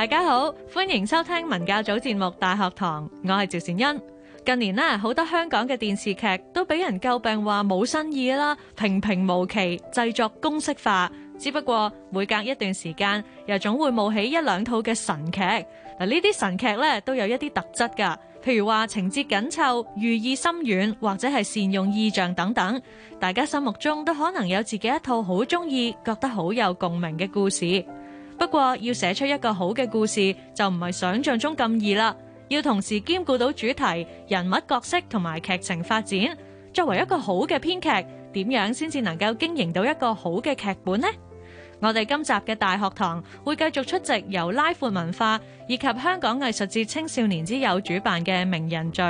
大家好，歡迎收聽文教組節目《大學堂》，我係趙善恩。近年咧，好多香港嘅電視劇都俾人詬病話冇新意啦，平平無奇，製作公式化。只不過每隔一段時間，又總會冒起一兩套嘅神劇。嗱，呢啲神劇咧都有一啲特質噶，譬如話情節緊湊、寓意深遠，或者係善用意象等等。大家心目中都可能有自己一套好鍾意、覺得好有共鳴嘅故事。不過要寫出一個好嘅故事，就唔係想象中咁易啦。要同時兼顧到主題、人物角色同埋劇情發展。作為一個好嘅編劇，點樣先至能夠經營到一個好嘅劇本呢？我哋今集嘅大學堂會繼續出席由拉闊文化以及香港藝術節青少年之友主辦嘅名人聚。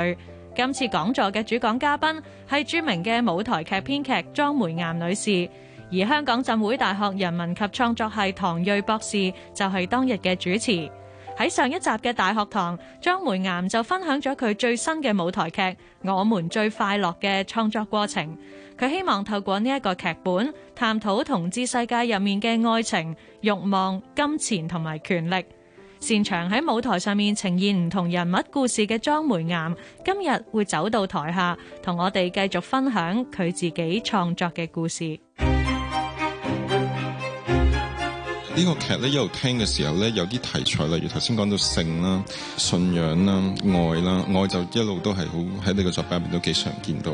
今次講座嘅主講嘉賓係著名嘅舞台劇編劇莊梅岩女士。而香港浸會大學人文及創作系唐睿博士就係、是、當日嘅主持。喺上一集嘅大學堂，莊梅岩就分享咗佢最新嘅舞台劇《我們最快樂》嘅創作過程。佢希望透過呢一個劇本探討同志世界入面嘅愛情、欲望、金錢同埋權力。擅長喺舞台上面呈現唔同人物故事嘅莊梅岩，今日會走到台下同我哋繼續分享佢自己創作嘅故事。呢個劇咧一路聽嘅時候咧，有啲題材例如頭先講到性啦、信仰啦、愛啦，愛就一路都係好，喺你個作品入面都幾常見到，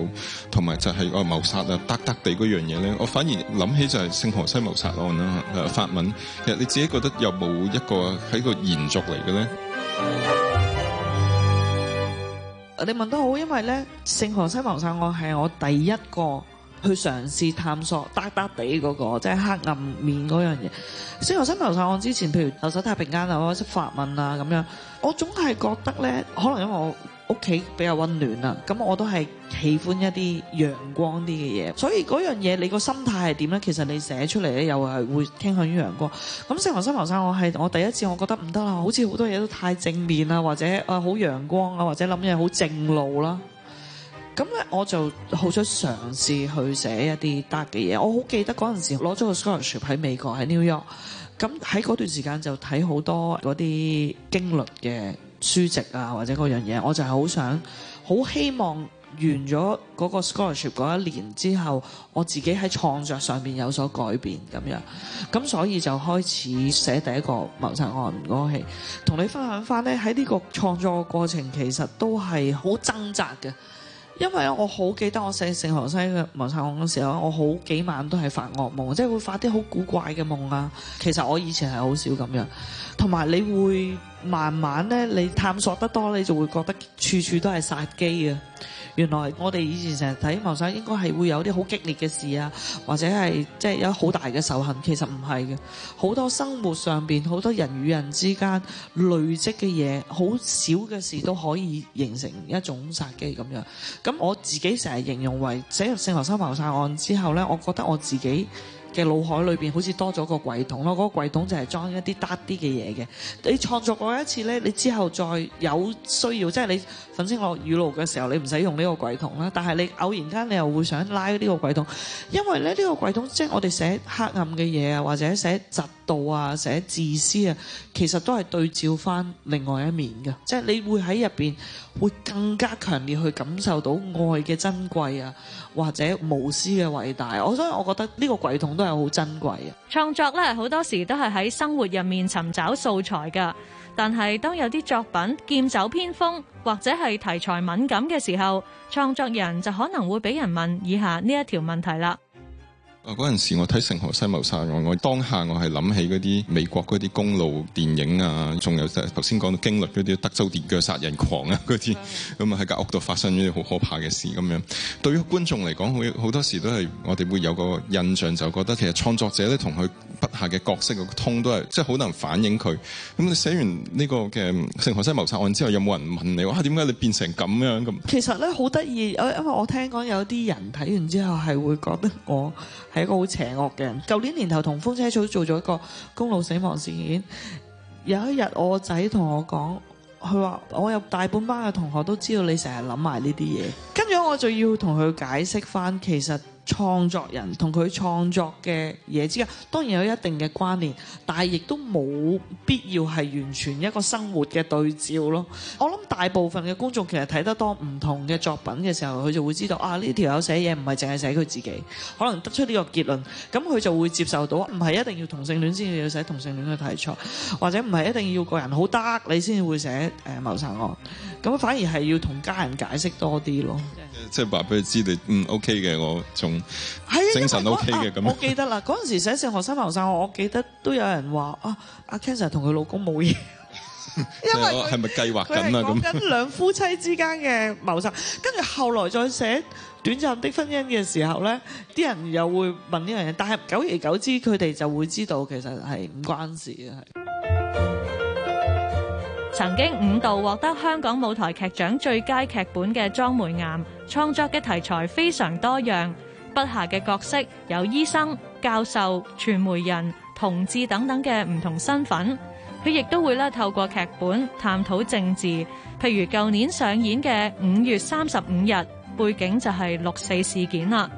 同埋就係個謀殺啊，得得地嗰樣嘢咧，我反而諗起就係聖荷西謀殺案啦，法文。其實你自己覺得有冇一個喺個延續嚟嘅咧？你問得好，因為咧聖荷西謀殺案係我第一個。去嘗試探索，dark 啲嗰個，即係黑暗面嗰樣嘢。《星河心流沙》我之前，譬如《留守太平間》啊，出法文啊咁樣，我總係覺得咧，可能因為我屋企比較温暖啦，咁我都係喜歡一啲陽光啲嘅嘢。所以嗰樣嘢，你個心態係點咧？其實你寫出嚟咧，又係會傾向於陽光。咁《星河心流沙》我係我第一次，我覺得唔得啦，好似好多嘢都太正面啊，或者啊好陽光啊，或者諗嘢好正路啦。咁咧，我就好想嘗試去寫一啲得嘅嘢。我好記得嗰陣時攞咗個 scholarship 喺美國喺 New York。咁喺嗰段時間就睇好多嗰啲經歷嘅書籍啊，或者嗰樣嘢。我就係好想，好希望完咗嗰個 scholarship 嗰一年之後，我自己喺創作上面有所改變咁樣。咁所以就開始寫第一個謀殺案個戲，同你分享翻呢。喺呢個創作過程，其實都係好掙扎嘅。因為我好記得我寫聖荷西嘅謀殺案嗰時候，我好幾晚都係發噩夢，即係會發啲好古怪嘅夢啊。其實我以前係好少咁樣，同埋你會。慢慢咧，你探索得多，你就會覺得處處都係殺機啊！原來我哋以前成日睇謀殺，應該係會有啲好激烈嘅事啊，或者係即係有好大嘅仇恨，其實唔係嘅。好多生活上邊，好多人與人之間累積嘅嘢，好少嘅事都可以形成一種殺機咁樣。咁我自己成日形容為寫入聖荷西謀殺案之後呢，我覺得我自己。嘅腦海裏邊好似多咗個櫃桶咯，嗰、那個櫃桶就係裝一啲得啲嘅嘢嘅。你創作過一次咧，你之後再有需要，即係你粉飾落雨露嘅時候，你唔使用呢個櫃桶啦。但係你偶然間你又會想拉呢個櫃桶，因為咧呢個櫃桶即係我哋寫黑暗嘅嘢啊，或者寫集。度啊，寫自私啊，其實都係對照翻另外一面嘅，即係你會喺入邊會更加強烈去感受到愛嘅珍貴啊，或者無私嘅偉大。所以我覺得呢個櫃筒都係好珍貴啊。創作咧好多時都係喺生活入面尋找素材㗎，但係當有啲作品劍走偏鋒或者係題材敏感嘅時候，創作人就可能會俾人問以下呢一條問題啦。嗰陣時我睇《聖荷西謀殺案》，我當下我係諗起嗰啲美國嗰啲公路電影啊，仲有頭先講到驚慄嗰啲德州電鋸殺人狂啊嗰啲，咁啊喺間屋度發生呢啲好可怕嘅事咁樣。對於觀眾嚟講，好好多時都係我哋會有個印象，就覺得其實創作者咧同佢。下嘅角色個通都係，即係好難反映佢。咁你寫完呢個嘅《聖荷西謀殺案》之後，有冇人問你話點解你變成咁樣咁？其實咧好得意，因為我聽講有啲人睇完之後係會覺得我係一個好邪惡嘅人。舊年年頭同風車草做咗一個公路死亡事件，有一日我仔同我講，佢話我有大半班嘅同學都知道你成日諗埋呢啲嘢，跟住我就要同佢解釋翻其實。創作人同佢創作嘅嘢之間，當然有一定嘅關聯，但係亦都冇必要係完全一個生活嘅對照咯。我諗大部分嘅觀眾其實睇得多唔同嘅作品嘅時候，佢就會知道啊，呢條友寫嘢唔係淨係寫佢自己，可能得出呢個結論。咁佢就會接受到，唔係一定要同性戀先至要寫同性戀嘅題材，或者唔係一定要個人好得你先至會寫誒謀殺案。咁反而係要同家人解釋多啲咯。即係話俾佢知你嗯 OK 嘅，我從精神 O K 嘅，咁，我記得啦。嗰陣時寫《聖荷西謀殺案》，我記得都有人話啊，阿 Cancer 同佢老公冇嘢，因為佢係咪計劃緊啊？咁兩夫妻之間嘅謀殺，跟住後來再寫《短暫的婚姻》嘅時候咧，啲人又會問呢樣嘢，但係久而久之，佢哋就會知道其實係唔關事嘅。曾經五度獲得香港舞台劇獎最佳劇本嘅莊梅岩，創作嘅題材非常多樣。筆下嘅角色有醫生、教授、傳媒人、同志等等嘅唔同身份，佢亦都會咧透過劇本探討政治。譬如舊年上演嘅五月三十五日，背景就係六四事件啦。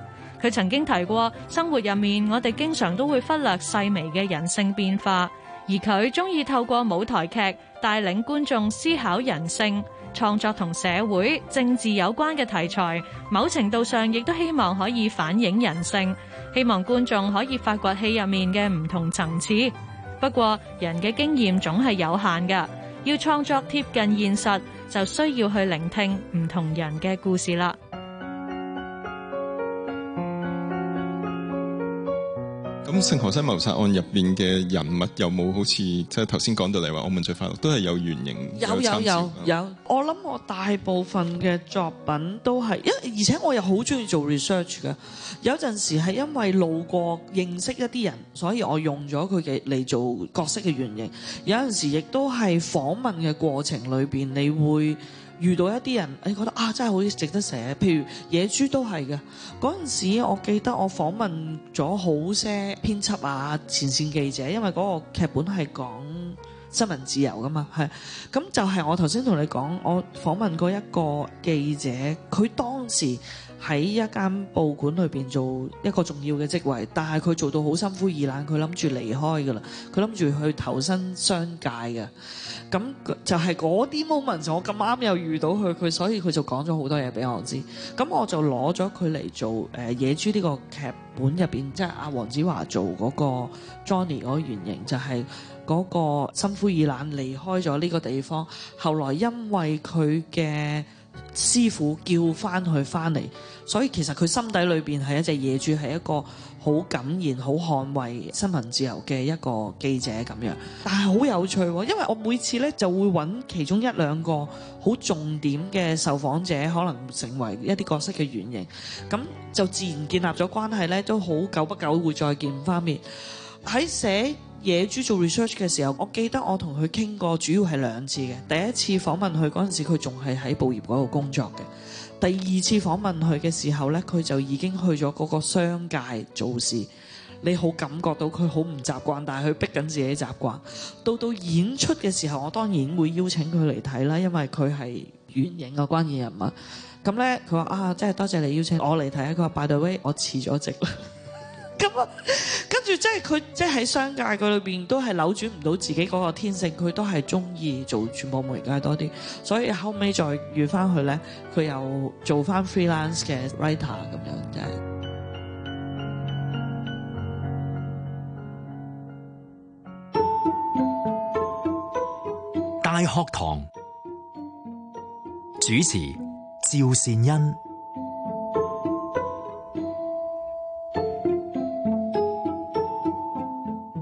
佢曾經提過，生活入面我哋經常都會忽略細微嘅人性變化，而佢中意透過舞台劇帶領觀眾思考人性。創作同社會政治有關嘅題材，某程度上亦都希望可以反映人性，希望觀眾可以發掘戲入面嘅唔同層次。不過，人嘅經驗總係有限㗎，要創作貼近現實，就需要去聆聽唔同人嘅故事啦。咁《聖荷西謀殺案》入邊嘅人物有冇好似即係頭先講到你話我們最快樂，都係有原型有參照有有有有，有我諗我大部分嘅作品都係，因而且我又好中意做 research 嘅。有陣時係因為路過認識一啲人，所以我用咗佢嘅嚟做角色嘅原型。有陣時亦都係訪問嘅過程裏邊，你會。遇到一啲人，誒覺得啊，真係好值得寫。譬如野豬都係嘅，嗰陣時我記得我訪問咗好些編輯啊、前線記者，因為嗰個劇本係講新聞自由㗎嘛，係。咁就係我頭先同你講，我訪問過一個記者，佢當時。喺一間報館裏邊做一個重要嘅職位，但係佢做到好心灰意冷，佢諗住離開㗎啦，佢諗住去投身商界嘅。咁就係嗰啲 moment，我咁啱又遇到佢，佢所以佢就講咗好多嘢俾我知。咁我就攞咗佢嚟做誒野豬呢個劇本入邊，即係阿黃子華做嗰個 Johnny 嗰個原型，就係、是、嗰個心灰意冷離開咗呢個地方，後來因為佢嘅。師傅叫翻佢翻嚟，所以其實佢心底裏邊係一隻野豬，係一個好敢言、好捍衞新聞自由嘅一個記者咁樣。但係好有趣，因為我每次呢就會揾其中一兩個好重點嘅受訪者，可能成為一啲角色嘅原型，咁就自然建立咗關係呢，都好久不久會再見翻面。喺寫野豬做 research 嘅時候，我記得我同佢傾過，主要係兩次嘅。第一次訪問佢嗰陣時，佢仲係喺報業嗰度工作嘅。第二次訪問佢嘅時候呢，佢就已經去咗嗰個商界做事。你好感覺到佢好唔習慣，但係佢逼緊自己習慣。到到演出嘅時候，我當然會邀請佢嚟睇啦，因為佢係遠影嘅關鍵人物。咁呢，佢話啊，真係多謝你邀請我嚟睇啦。佢話，by the way，我辭咗職 咁啊，跟住即係佢，即係喺商界嗰裏邊都係扭轉唔到自己嗰個天性，佢都係中意做傳播媒介多啲，所以後尾再遇翻佢咧，佢又做翻 freelance 嘅 writer 咁樣嘅。大學堂主持趙善恩。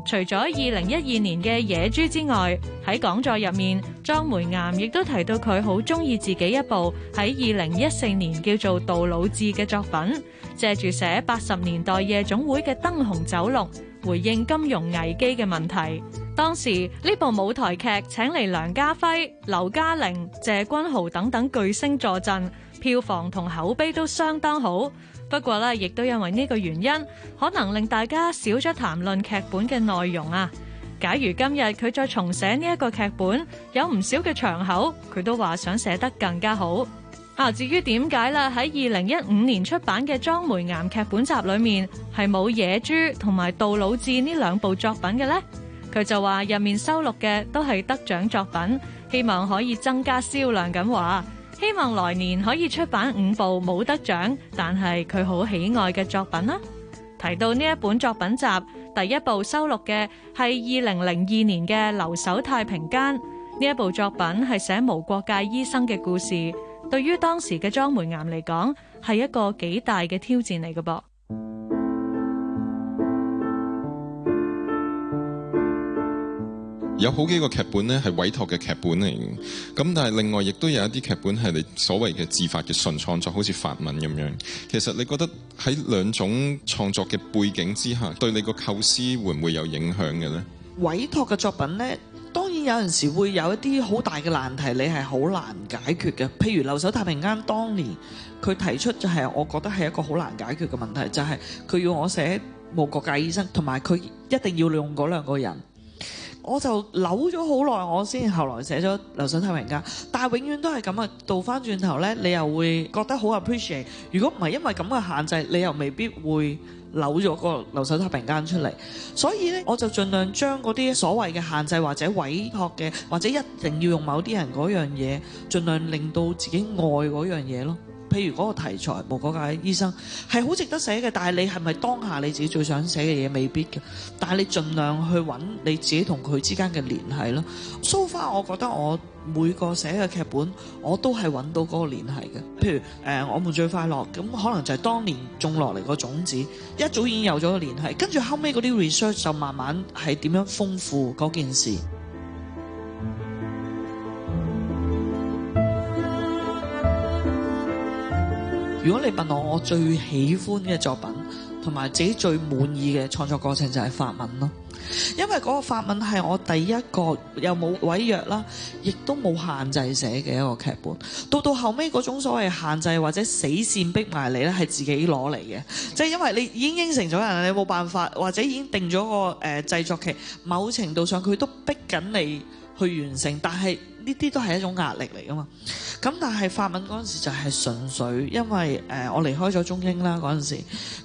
除咗二零一二年嘅《野豬》之外，喺講座入面，莊梅岩亦都提到佢好中意自己一部喺二零一四年叫做《杜魯誌》嘅作品，借住寫八十年代夜總會嘅燈紅酒綠，回應金融危機嘅問題。當時呢部舞台劇請嚟梁家輝、劉嘉玲、謝君豪等等巨星助陣。票房同口碑都相當好，不過咧，亦都因為呢個原因，可能令大家少咗談論劇本嘅內容啊。假如今日佢再重寫呢一個劇本，有唔少嘅場口，佢都話想寫得更加好。啊，至於點解啦？喺二零一五年出版嘅莊梅岩劇本集裏面，係冇野豬同埋《杜老誌》呢兩部作品嘅呢。佢就話入面收錄嘅都係得獎作品，希望可以增加銷量咁話。希望來年可以出版五部冇得獎，但係佢好喜愛嘅作品啦。提到呢一本作品集，第一部收錄嘅係二零零二年嘅《留守太平間》呢一部作品，係寫無國界醫生嘅故事。對於當時嘅莊梅岩嚟講，係一個幾大嘅挑戰嚟嘅噃。有好幾個劇本咧係委託嘅劇本嚟嘅。咁但係另外亦都有一啲劇本係你所謂嘅自發嘅純創作，好似法文咁樣。其實，你覺得喺兩種創作嘅背景之下，對你個構思會唔會有影響嘅咧？委託嘅作品咧，當然有陣時會有一啲好大嘅難題，你係好難解決嘅。譬如《留守太平間》，當年佢提出就係我覺得係一個好難解決嘅問題，就係、是、佢要我寫無國界醫生，同埋佢一定要用嗰兩個人。我就扭咗好耐，我先後來寫咗《留守太平間》，但永遠都係咁啊！倒返轉頭咧，你又會覺得好 appreciate。如果唔係因為咁嘅限制，你又未必會扭咗個《留守太平間》出嚟。所以咧，我就盡量將嗰啲所謂嘅限制或者委託嘅，或者一定要用某啲人嗰樣嘢，盡量令到自己愛嗰樣嘢咯。譬如嗰個題材，無國界醫生係好值得寫嘅，但係你係咪當下你自己最想寫嘅嘢，未必嘅，但係你盡量去揾你自己同佢之間嘅聯繫咯。So far 我覺得我每個寫嘅劇本，我都係揾到嗰個聯繫嘅。譬如誒，我們最快樂，咁可能就係當年種落嚟個種子，一早已經有咗個聯繫，跟住後尾嗰啲 research 就慢慢係點樣豐富嗰件事。如果你問我，我最喜歡嘅作品同埋自己最滿意嘅創作過程就係、是、法文咯，因為嗰個法文係我第一個又冇委約啦，亦都冇限制寫嘅一個劇本。到到後尾嗰種所謂限制或者死線逼埋你咧，係自己攞嚟嘅，即、就、係、是、因為你已經應承咗人，你冇辦法或者已經定咗個誒製作期，某程度上佢都逼緊你。去完成，但係呢啲都係一種壓力嚟噶嘛。咁但係法文嗰陣時就係純粹，因為誒我離開咗中英啦嗰陣時，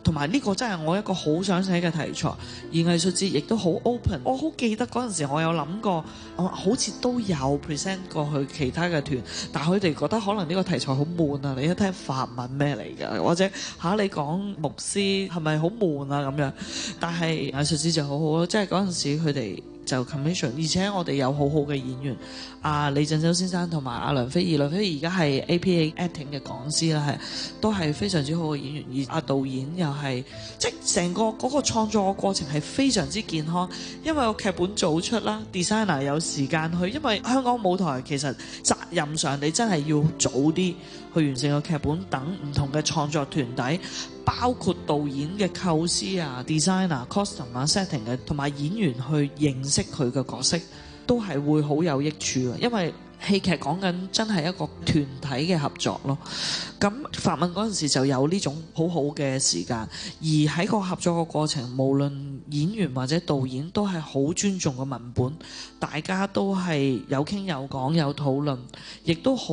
同埋呢個真係我一個好想寫嘅題材。而藝術節亦都好 open，我，我，我好記得嗰陣時我有諗過我好似都有 present 過去其他嘅團，但係佢哋覺得可能呢個題材好悶啊，你一聽法文咩嚟㗎，或者吓你講牧師係咪好悶啊咁樣，但係藝術節就好好咯，即係嗰陣時佢哋。就 commission，而且我哋有好好嘅演員，阿李振洲先生同埋阿梁飛兒，梁飛而家係 APA Acting 嘅講師啦，係都係非常之好嘅演員，而阿導演又係，即係成個嗰個創作嘅過程係非常之健康，因為個劇本早出啦，designer 有時間去，因為香港舞台其實責任上你真係要早啲去完成個劇本，等唔同嘅創作團隊。包括導演嘅構思啊、designer、costume 啊、setting 嘅，同埋演員去認識佢嘅角色，都係會好有益處啊！因為戲劇講緊真係一個團體嘅合作咯。咁發問嗰陣時就有呢種好好嘅時間，而喺個合作個過程，無論演員或者導演都係好尊重嘅文本，大家都係有傾有講有，有討論，亦都好。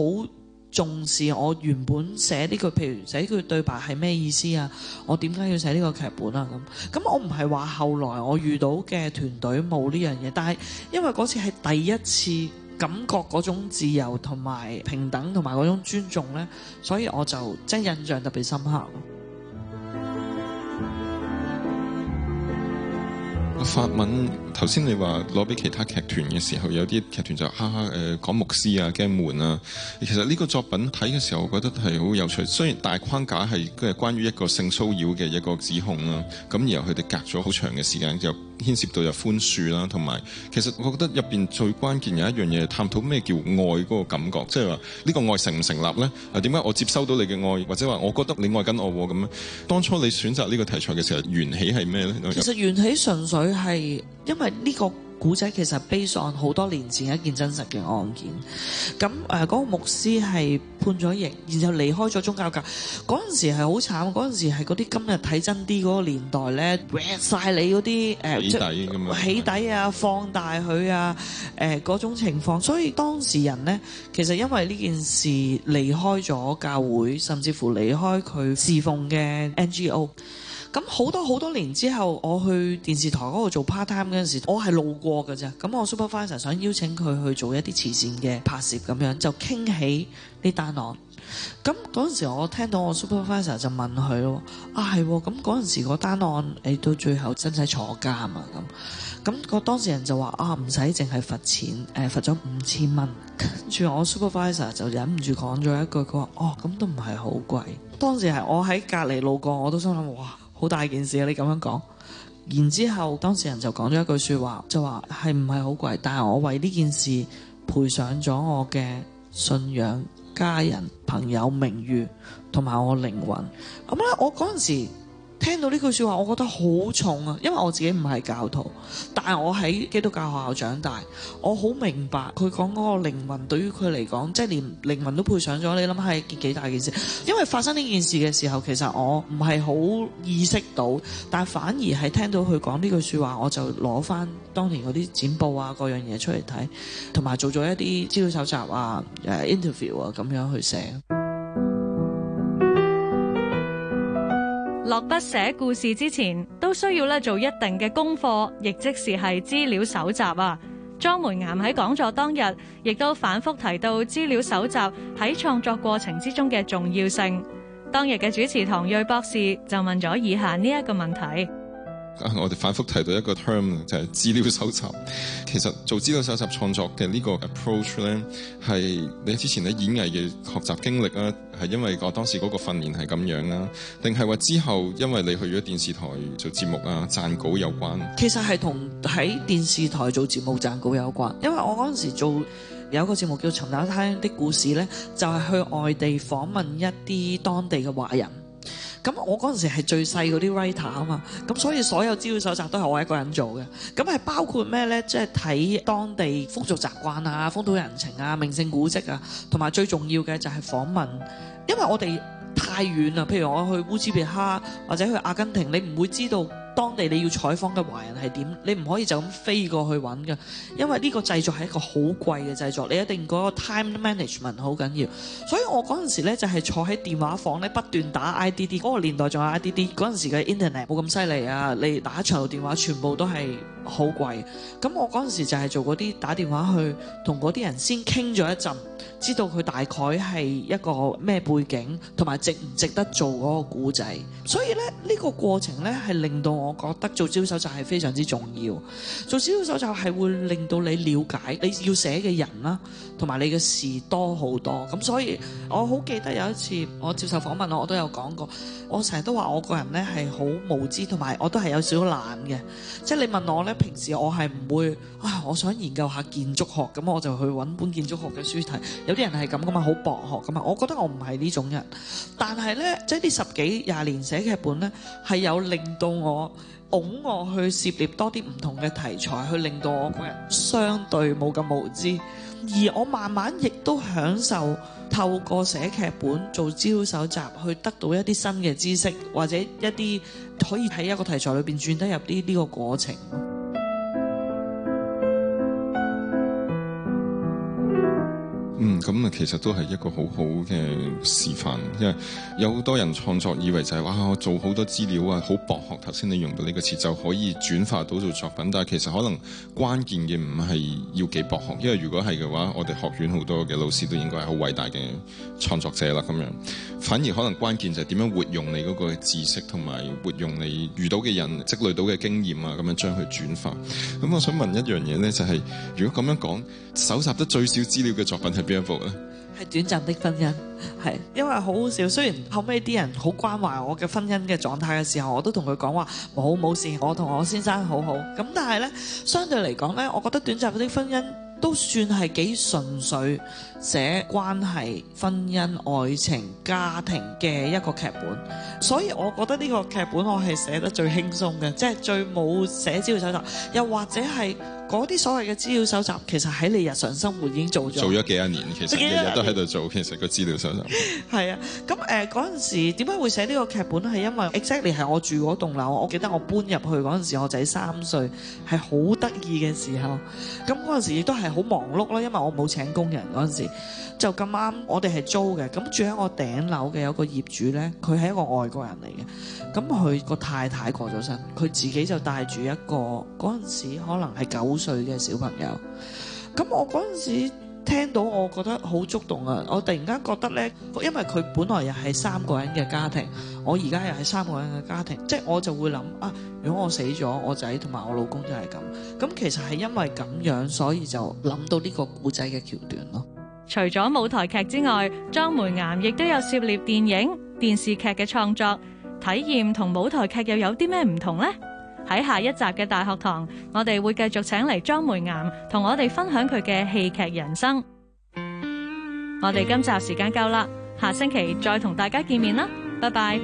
重視我原本寫呢句，譬如寫句對白係咩意思啊？我點解要寫呢個劇本啊？咁咁我唔係話後來我遇到嘅團隊冇呢樣嘢，但係因為嗰次係第一次感覺嗰種自由同埋平等同埋嗰種尊重呢，所以我就即係印象特別深刻。法文。頭先你話攞俾其他劇團嘅時候，有啲劇團就哈誒、啊呃、講牧師啊，驚悶啊。其實呢個作品睇嘅時候，我覺得係好有趣。雖然大框架係佢係關於一個性騷擾嘅一個指控啦，咁然後佢哋隔咗好長嘅時間，就牽涉到有寬恕啦，同埋其實我覺得入邊最關鍵有一樣嘢，探討咩叫愛嗰個感覺，即係話呢個愛成唔成立咧？啊點解我接收到你嘅愛，或者話我覺得你愛緊我咁咧？當初你選擇呢個題材嘅時候，緣起係咩咧？其實緣起純粹係。因為呢個古仔其實 based on，好多年前一件真實嘅案件。咁誒，嗰個牧師係判咗刑，然後離開咗宗教界。嗰陣時係好慘，嗰陣時係嗰啲今日睇真啲嗰個年代咧，搲曬你嗰啲誒起底啊，即係起底啊，放大佢啊，誒嗰種情況。所以當時人咧，其實因為呢件事離開咗教會，甚至乎離開佢侍奉嘅 NGO。咁好多好多年之後，我去電視台嗰度做 part time 嗰陣時，我係路過嘅啫。咁我 supervisor 想邀請佢去做一啲慈善嘅拍攝咁樣，就傾起呢單案。咁嗰陣時，我聽到我 supervisor 就問佢咯：啊，係咁嗰陣時個單案，你到最後真係坐監啊？咁咁個當事人就話：啊，唔使淨係罰錢，誒罰咗五千蚊。跟住我 supervisor 就忍唔住講咗一句：佢話：哦、啊，咁都唔係好貴。當時係我喺隔離路過，我都心諗：哇！好大件事啊！你咁樣講，然之後當事人就講咗一句説話，就話係唔係好貴，但係我為呢件事賠上咗我嘅信仰、家人、朋友、名譽同埋我靈魂。咁咧，我嗰陣時。聽到呢句説話，我覺得好重啊！因為我自己唔係教徒，但係我喺基督教學校長大，我好明白佢講嗰個靈魂對於佢嚟講，即係連靈魂都配上咗。你諗下係一件幾大件事？因為發生呢件事嘅時候，其實我唔係好意識到，但係反而係聽到佢講呢句説話，我就攞翻當年嗰啲剪報啊、各樣嘢出嚟睇，同埋做咗一啲資料搜集啊、interview 啊咁樣去寫。落筆寫故事之前，都需要咧做一定嘅功課，亦即是係資料搜集啊。莊梅岩喺講座當日，亦都反覆提到資料搜集喺創作過程之中嘅重要性。當日嘅主持唐睿博士就問咗以下呢一個問題。我哋反覆提到一個 term 就係資料搜集。其實做資料搜集創作嘅呢個 approach 咧，係你之前喺演藝嘅學習經歷啊，係因為個當時個訓練係係咁樣啊，定係話之後因為你去咗電視台做節目啊、撰稿有關，其實係同喺電視台做節目撰稿有關，因為我陣時做有一個節目叫《尋找他鄉的故事》咧，就係、是、去外地訪問一啲當地嘅華人。咁我嗰陣時係最細嗰啲 writer 啊嘛，咁所以所有資料搜集都係我一個人做嘅。咁係包括咩呢？即係睇當地風俗習慣啊、風土人情啊、名勝古蹟啊，同埋最重要嘅就係訪問，因為我哋太遠啦。譬如我去烏茲別克或者去阿根廷，你唔會知道。當地你要採訪嘅華人係點？你唔可以就咁飛過去揾㗎，因為呢個製作係一個好貴嘅製作，你一定嗰個 time management 好緊要。所以我嗰陣時呢就係坐喺電話房呢不斷打 IDD，嗰個年代仲有 IDD，嗰陣時嘅 internet 冇咁犀利啊！你打長途電話全部都係好貴。咁我嗰陣時就係做嗰啲打電話去同嗰啲人先傾咗一陣，知道佢大概係一個咩背景，同埋值唔值得做嗰個故仔。所以呢，呢個過程呢係令到我。我覺得做招手就係非常之重要，做招手就係會令到你瞭解你要寫嘅人啦，同埋你嘅事多好多。咁所以我好記得有一次我接受訪問，我我都有講過，我成日都話我個人呢係好無知，同埋我都係有少少懶嘅。即係你問我呢，平時我係唔會啊，我想研究下建築學，咁我就去揾本建築學嘅書睇。有啲人係咁噶嘛，好博學咁啊。我覺得我唔係呢種人，但係呢，即係呢十幾廿年寫劇本呢，係有令到我。拱我去涉獵多啲唔同嘅題材，去令到我個人相對冇咁無知，而我慢慢亦都享受透過寫劇本、做資料搜集，去得到一啲新嘅知識，或者一啲可以喺一個題材裏邊轉得入啲呢個過程。嗯，咁啊，其實都係一個好好嘅示範，因為有好多人創作以為就係、是、哇，我做好多資料啊，好博學。頭先你用到呢個詞就可以轉化到做作品。但係其實可能關鍵嘅唔係要幾博學，因為如果係嘅話，我哋學院好多嘅老師都應該係好偉大嘅創作者啦。咁樣反而可能關鍵就係點樣活用你嗰個知識同埋活用你遇到嘅人積累到嘅經驗啊，咁樣將佢轉化。咁我想問一樣嘢咧，就係、是、如果咁樣講，搜集得最少資料嘅作品係？邊一幅咧？係短暫的婚姻，係因為好好笑。雖然後尾啲人好關懷我嘅婚姻嘅狀態嘅時候，我都同佢講話冇冇事，我同我先生好好。咁但係咧，相對嚟講咧，我覺得短暫的婚姻。都算係幾純粹寫關係、婚姻、愛情、家庭嘅一個劇本，所以我覺得呢個劇本我係寫得最輕鬆嘅，即係最冇寫資料搜集，又或者係啲所謂嘅資料搜集，其實喺你日常生活已經做咗。做咗幾多年，其實日日都喺度做，其實個資料搜集。係 啊，咁誒陣時點解會寫呢個劇本係因為 exactly 係我住嗰棟樓，我記得我搬入去陣時我仔三歲係好得意嘅時候，咁陣時亦都係。好忙碌咯，因為我冇請工人嗰陣時，就咁啱我哋係租嘅，咁住喺我頂樓嘅有個業主呢，佢係一個外國人嚟嘅，咁佢個太太過咗身，佢自己就帶住一個嗰陣時可能係九歲嘅小朋友，咁我嗰陣時。聽到我覺得好觸動啊！我突然間覺得呢，因為佢本來又係三個人嘅家庭，我而家又係三個人嘅家庭，即係我就會諗啊。如果我死咗，我仔同埋我老公就係咁咁，其實係因為咁樣，所以就諗到呢個古仔嘅橋段咯。除咗舞台劇之外，莊梅岩亦都有涉獵電影、電視劇嘅創作體驗，同舞台劇又有啲咩唔同呢？喺下一集嘅大學堂，我哋會繼續請嚟莊梅岩同我哋分享佢嘅戲劇人生。我哋今集時間夠啦，下星期再同大家見面啦，拜拜。